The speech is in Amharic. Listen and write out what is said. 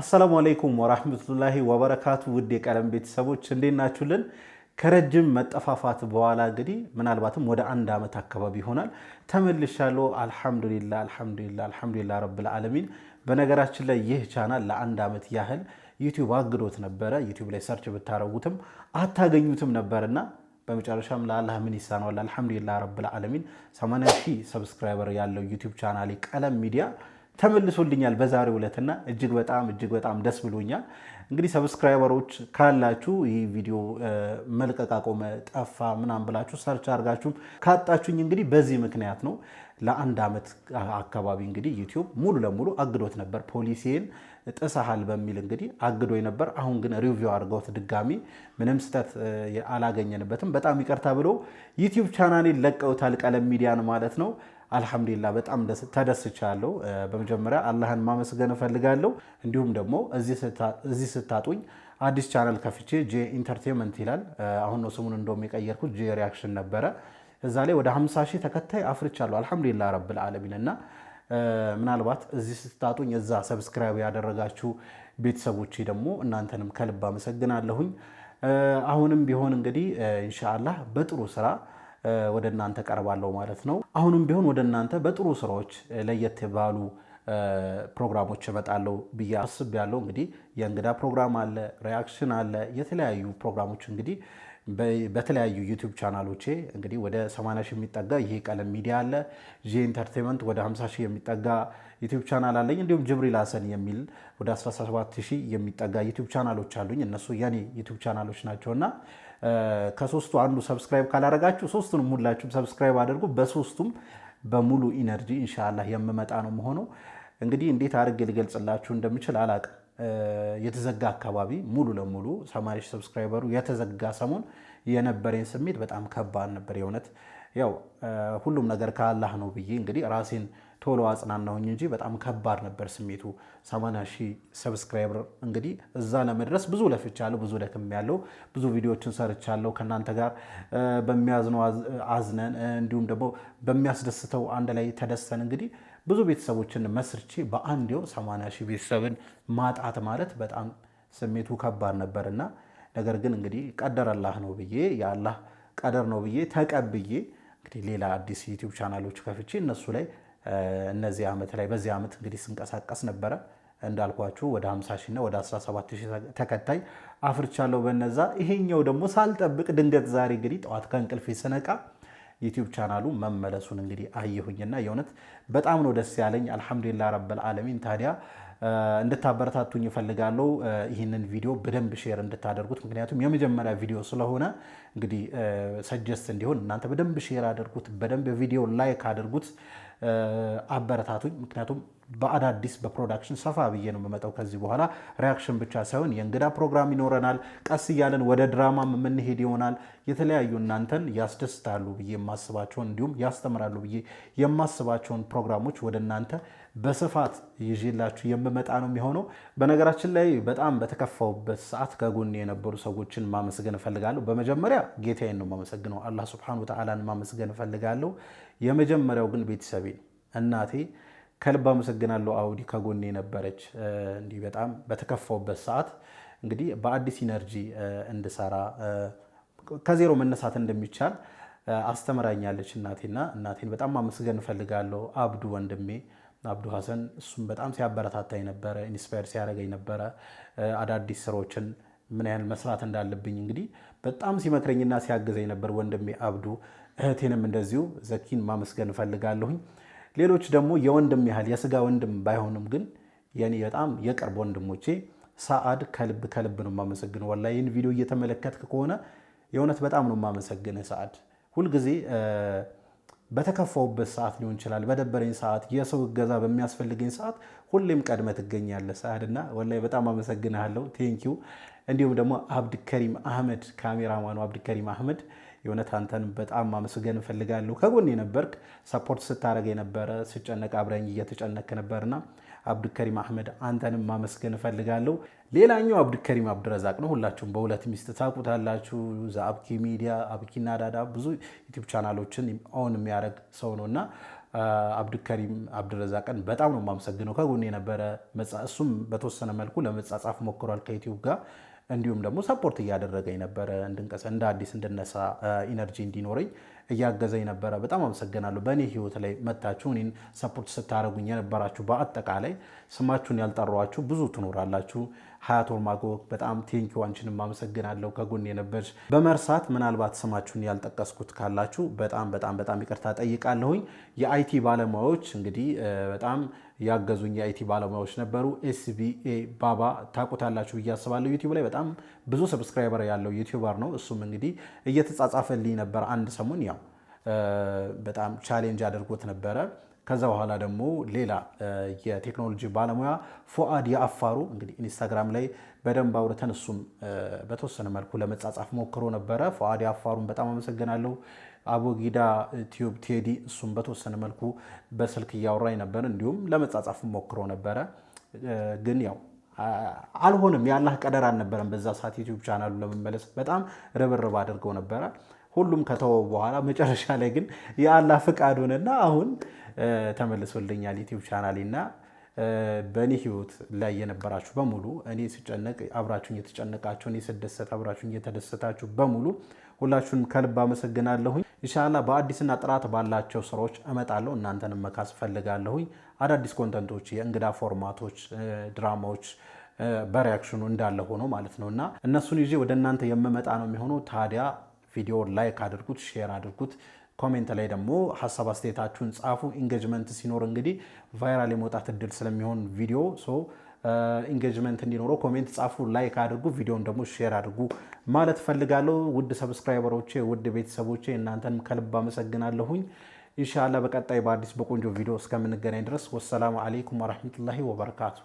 አሰላሙ አለይኩም ወራህመቱላሂ ወበረካቱ ውድ የቀለም ቤተሰቦች እንዴት ናችሁልን? ከረጅም መጠፋፋት በኋላ እንግዲህ ምናልባትም ወደ አንድ ዓመት አካባቢ ይሆናል ተመልሻለሁ። አልሐምዱሊላ አልሐምዱሊላ አልሐምዱሊላ ረብል ዓለሚን። በነገራችን ላይ ይህ ቻናል ለአንድ ዓመት ያህል ዩቲዩብ አግዶት ነበረ። ዩቲዩብ ላይ ሰርች ብታረጉትም አታገኙትም ነበርና በመጨረሻም ለአላህ ምን ይሳነዋል? አልሐምዱሊላ ረብል ዓለሚን 80 ሺህ ሰብስክራይበር ያለው ዩቲዩብ ቻናል ቀለም ሚዲያ ተመልሶልኛል በዛሬው ዕለትና እጅግ በጣም እጅግ በጣም ደስ ብሎኛል። እንግዲህ ሰብስክራይበሮች ካላችሁ ይህ ቪዲዮ መልቀቅ አቆመ፣ ጠፋ ምናምን ብላችሁ ሰርች አድርጋችሁም ካጣችሁኝ እንግዲህ በዚህ ምክንያት ነው። ለአንድ ዓመት አካባቢ እንግዲህ ዩቲዩብ ሙሉ ለሙሉ አግዶት ነበር። ፖሊሲን ጥሰሃል በሚል እንግዲህ አግዶ ነበር። አሁን ግን ሪቪው አድርገውት ድጋሚ ምንም ስህተት አላገኘንበትም። በጣም ይቅርታ ብሎ ዩቲዩብ ቻናሌን ለቀውታል፣ ቀለም ሚዲያን ማለት ነው። አልሐምዱሊላ በጣም ተደስቻለሁ። በመጀመሪያ አላህን ማመስገን እፈልጋለሁ። እንዲሁም ደግሞ እዚህ ስታጡኝ አዲስ ቻናል ከፍቼ ጄ ኢንተርቴንመንት ይላል። አሁን ነው ስሙን እንደውም የቀየርኩት፣ ጄ ሪያክሽን ነበረ። እዛ ላይ ወደ 50 ሺህ ተከታይ አፍርቻለሁ። አልሐምዱሊላ ረብል ዓለሚን እና ምናልባት እዚህ ስታጡኝ እዛ ሰብስክራይብ ያደረጋችሁ ቤተሰቦቼ ደግሞ እናንተንም ከልብ አመሰግናለሁኝ። አሁንም ቢሆን እንግዲህ ኢንሻአላህ በጥሩ ስራ ወደ እናንተ ቀርባለሁ ማለት ነው። አሁንም ቢሆን ወደ እናንተ በጥሩ ስራዎች ለየት ባሉ ፕሮግራሞች እመጣለሁ ብዬ ያለው እንግዲህ የእንግዳ ፕሮግራም አለ፣ ሪያክሽን አለ፣ የተለያዩ ፕሮግራሞች እንግዲህ በተለያዩ ዩቲዩብ ቻናሎቼ እንግዲህ ወደ 80 ሺህ የሚጠጋ ይሄ ቀለም ሚዲያ አለ። ዚ ኢንተርቴንመንት ወደ 50 ሺህ የሚጠጋ ዩቲዩብ ቻናል አለኝ። እንዲሁም ጅብሪል አሰን የሚል ወደ 17 ሺህ የሚጠጋ ዩቲዩብ ቻናሎች አሉኝ። እነሱ የኔ ዩቲዩብ ቻናሎች ናቸውና ከሶስቱ አንዱ ሰብስክራይብ ካላረጋችሁ ሶስቱንም ሁላችሁም ሰብስክራይብ አድርጉ። በሶስቱም በሙሉ ኢነርጂ እንሻላ የምመጣ ነው መሆኑ። እንግዲህ እንዴት አድርጌ ልገልጽላችሁ እንደምችል አላቅም። የተዘጋ አካባቢ ሙሉ ለሙሉ ሰማሪሽ ሰብስክራይበሩ የተዘጋ ሰሞን የነበረኝ ስሜት በጣም ከባድ ነበር። የእውነት ያው ሁሉም ነገር ከአላህ ነው ብዬ እንግዲህ ራሴን ቶሎ አጽናናሁኝ እንጂ በጣም ከባድ ነበር ስሜቱ። 80 ሺህ ሰብስክራይበር እንግዲህ እዛ ለመድረስ ብዙ ለፍቻለሁ፣ ብዙ ደክሜያለሁ፣ ብዙ ቪዲዮዎችን ሰርቻለሁ ከእናንተ ጋር በሚያዝነው አዝነን፣ እንዲሁም ደግሞ በሚያስደስተው አንድ ላይ ተደሰን እንግዲህ ብዙ ቤተሰቦችን መስርቼ በአንዴው 80 ሺህ ቤተሰብን ማጣት ማለት በጣም ስሜቱ ከባድ ነበር እና ነገር ግን እንግዲህ ቀደር አላህ ነው ብዬ የአላህ ቀደር ነው ብዬ ተቀብዬ እንግዲህ ሌላ አዲስ ዩቲዩብ ቻናሎች ከፍቼ እነሱ ላይ እነዚህ ዓመት ላይ በዚህ ዓመት እንግዲህ ስንቀሳቀስ ነበረ እንዳልኳችሁ ወደ 50 እና ወደ 17 ሺህ ተከታይ አፍርቻለሁ በነዛ። ይሄኛው ደግሞ ሳልጠብቅ ድንገት ዛሬ እንግዲህ ጠዋት ከእንቅልፍ ስነቃ ዩቲዩብ ቻናሉ መመለሱን እንግዲህ አየሁኝና የእውነት በጣም ነው ደስ ያለኝ። አልሐምዱሊላህ ረብል ዓለሚን። ታዲያ እንድታበረታቱኝ እፈልጋለሁ። ይህንን ቪዲዮ በደንብ ሼር እንድታደርጉት፣ ምክንያቱም የመጀመሪያ ቪዲዮ ስለሆነ እንግዲህ ሰጀስት እንዲሆን እናንተ በደንብ ሼር አድርጉት፣ በደንብ ቪዲዮ ላይክ አድርጉት። አበረታቱኝ። ምክንያቱም በአዳዲስ በፕሮዳክሽን ሰፋ ብዬ ነው የምመጣው። ከዚህ በኋላ ሪያክሽን ብቻ ሳይሆን የእንግዳ ፕሮግራም ይኖረናል። ቀስ እያለን ወደ ድራማም የምንሄድ ይሆናል። የተለያዩ እናንተን ያስደስታሉ ብዬ የማስባቸውን እንዲሁም ያስተምራሉ ብዬ የማስባቸውን ፕሮግራሞች ወደ እናንተ በስፋት ይዤላችሁ የምመጣ ነው የሚሆነው። በነገራችን ላይ በጣም በተከፋውበት ሰዓት ከጎን የነበሩ ሰዎችን ማመስገን እፈልጋለሁ። በመጀመሪያ ጌታዬን ነው ማመሰግነው፣ አላህ ሱብሐነሁ ወተዓላን ማመስገን እፈልጋለሁ። የመጀመሪያው ግን ቤተሰቤ እናቴ ከልብ አመሰግናለሁ። አውዲ ከጎን ነበረች። እንዲህ በጣም በተከፋውበት ሰዓት እንግዲህ በአዲስ ኢነርጂ እንድሰራ ከዜሮ መነሳት እንደሚቻል አስተምራኛለች እናቴና እናቴን በጣም ማመስገን እፈልጋለሁ። አብዱ ወንድሜ አብዱ ሀሰን እሱም በጣም ሲያበረታታኝ ነበረ፣ ኢንስፓየር ሲያደርገኝ ነበረ። አዳዲስ ስራዎችን ምን ያህል መስራት እንዳለብኝ እንግዲህ በጣም ሲመክረኝና ሲያግዘኝ ነበር ወንድሜ አብዱ። እህቴንም እንደዚሁ ዘኪን ማመስገን እፈልጋለሁኝ። ሌሎች ደግሞ የወንድም ያህል የስጋ ወንድም ባይሆንም ግን የኔ በጣም የቅርብ ወንድሞቼ ሰአድ ከልብ ከልብ ነው የማመሰግነው። ወላሂ ይህን ቪዲዮ እየተመለከትክ ከሆነ የእውነት በጣም ነው የማመሰግንህ ሰአድ ሁልጊዜ በተከፋውበት ሰዓት ሊሆን ይችላል፣ በደበረኝ ሰዓት፣ የሰው እገዛ በሚያስፈልገኝ ሰዓት ሁሌም ቀድመ ትገኛለህ እና ወላሂ በጣም አመሰግንሃለሁ። ቴንኪው። እንዲሁም ደግሞ አብድከሪም አህመድ ካሜራማኑ አብድከሪም አህመድ የእውነት አንተን በጣም ማመስገን እፈልጋለሁ። ከጎን የነበርክ ሰፖርት ስታደረግ የነበረ ስጨነቅ አብረኝ እየተጨነክ ነበርና አብዱከሪም አህመድ አንተንም ማመስገን እፈልጋለሁ። ሌላኛው አብዱከሪም አብድረዛቅ ነው። ሁላችሁም በሁለት ሚስት ታውቁታላችሁ። አብኪ ሚዲያ፣ አብኪና ዳዳ ብዙ ዩቲዩብ ቻናሎችን ኦን የሚያደርግ ሰው ነው እና አብዱከሪም አብድረዛቅን በጣም ነው የማመሰግነው። ከጎን የነበረ እሱም በተወሰነ መልኩ ለመጻጻፍ ሞክሯል ከዩቲዩብ ጋር እንዲሁም ደግሞ ሰፖርት እያደረገ ነበረ እንድንቀሳ እንደ አዲስ እንድነሳ ኢነርጂ እንዲኖረኝ እያገዘኝ ነበረ። በጣም አመሰግናለሁ። በእኔ ህይወት ላይ መታችሁ እኔን ሰፖርት ስታደረጉኝ የነበራችሁ በአጠቃላይ ስማችሁን ያልጠሯችሁ ብዙ ትኖራላችሁ። ሀያቶር ማጎ በጣም ቴንኪ ዋንችን አመሰግናለሁ፣ ከጎን የነበርሽ። በመርሳት ምናልባት ስማችሁን ያልጠቀስኩት ካላችሁ በጣም በጣም በጣም ይቅርታ ጠይቃለሁኝ። የአይቲ ባለሙያዎች እንግዲህ በጣም ያገዙኝ የአይቲ ባለሙያዎች ነበሩ። ኤስቢኤ ባባ ታውቁታላችሁ ብዬ አስባለሁ። ዩቲዩብ ላይ በጣም ብዙ ሰብስክራይበር ያለው ዩቲዩበር ነው። እሱም እንግዲህ እየተጻጻፈልኝ ነበር አንድ ሰሞን ያው በጣም ቻሌንጅ አድርጎት ነበረ። ከዛ በኋላ ደግሞ ሌላ የቴክኖሎጂ ባለሙያ ፎአድ የአፋሩ እንግዲህ ኢንስታግራም ላይ በደንብ አውርተን እሱም በተወሰነ መልኩ ለመጻጻፍ ሞክሮ ነበረ። ፎአድ የአፋሩን በጣም አመሰግናለሁ። አቦጊዳ ቲዩብ ቴዲ እሱም በተወሰነ መልኩ በስልክ እያወራኝ ነበር፣ እንዲሁም ለመጻጻፍ ሞክሮ ነበረ። ግን ያው አልሆንም፣ ያላህ ቀደር አልነበረም። በዛ ሰዓት ዩቲዩብ ቻናሉ ለመመለስ በጣም ርብርብ አድርገው ነበረ። ሁሉም ከተወ በኋላ መጨረሻ ላይ ግን የአላህ ፍቃድ ሆነና አሁን ተመልሶልኛል ዩቲዩብ ቻናሌ እና በእኔ ህይወት ላይ የነበራችሁ በሙሉ እኔ ስጨነቅ አብራችሁን የተጨነቃችሁ፣ እኔ ስደሰት አብራችሁን የተደሰታችሁ በሙሉ ሁላችሁን ከልብ አመሰግናለሁኝ። እንሻላ በአዲስና ጥራት ባላቸው ስራዎች እመጣለሁ። እናንተን መካስ ፈልጋለሁኝ። አዳዲስ ኮንተንቶች፣ የእንግዳ ፎርማቶች፣ ድራማዎች በሪያክሽኑ እንዳለ ሆኖ ማለት ነው እና እነሱን ይዤ ወደ እናንተ የምመጣ ነው የሚሆነው ታዲያ ቪዲዮ ላይክ አድርጉት፣ ሼር አድርጉት። ኮሜንት ላይ ደግሞ ሀሳብ አስተያየታችሁን ጻፉ። ኢንጌጅመንት ሲኖር እንግዲህ ቫይራል የመውጣት እድል ስለሚሆን ቪዲዮ ኢንጌጅመንት እንዲኖረው ኮሜንት ጻፉ፣ ላይክ አድርጉ፣ ቪዲዮን ደግሞ ሼር አድርጉ ማለት ፈልጋለሁ። ውድ ሰብስክራይበሮቼ፣ ውድ ቤተሰቦቼ እናንተን ከልብ አመሰግናለሁኝ። እንሻላ በቀጣይ በአዲስ በቆንጆ ቪዲዮ እስከምንገናኝ ድረስ ወሰላሙ አሌይኩም ወረህመቱላሂ ወበረካቱ።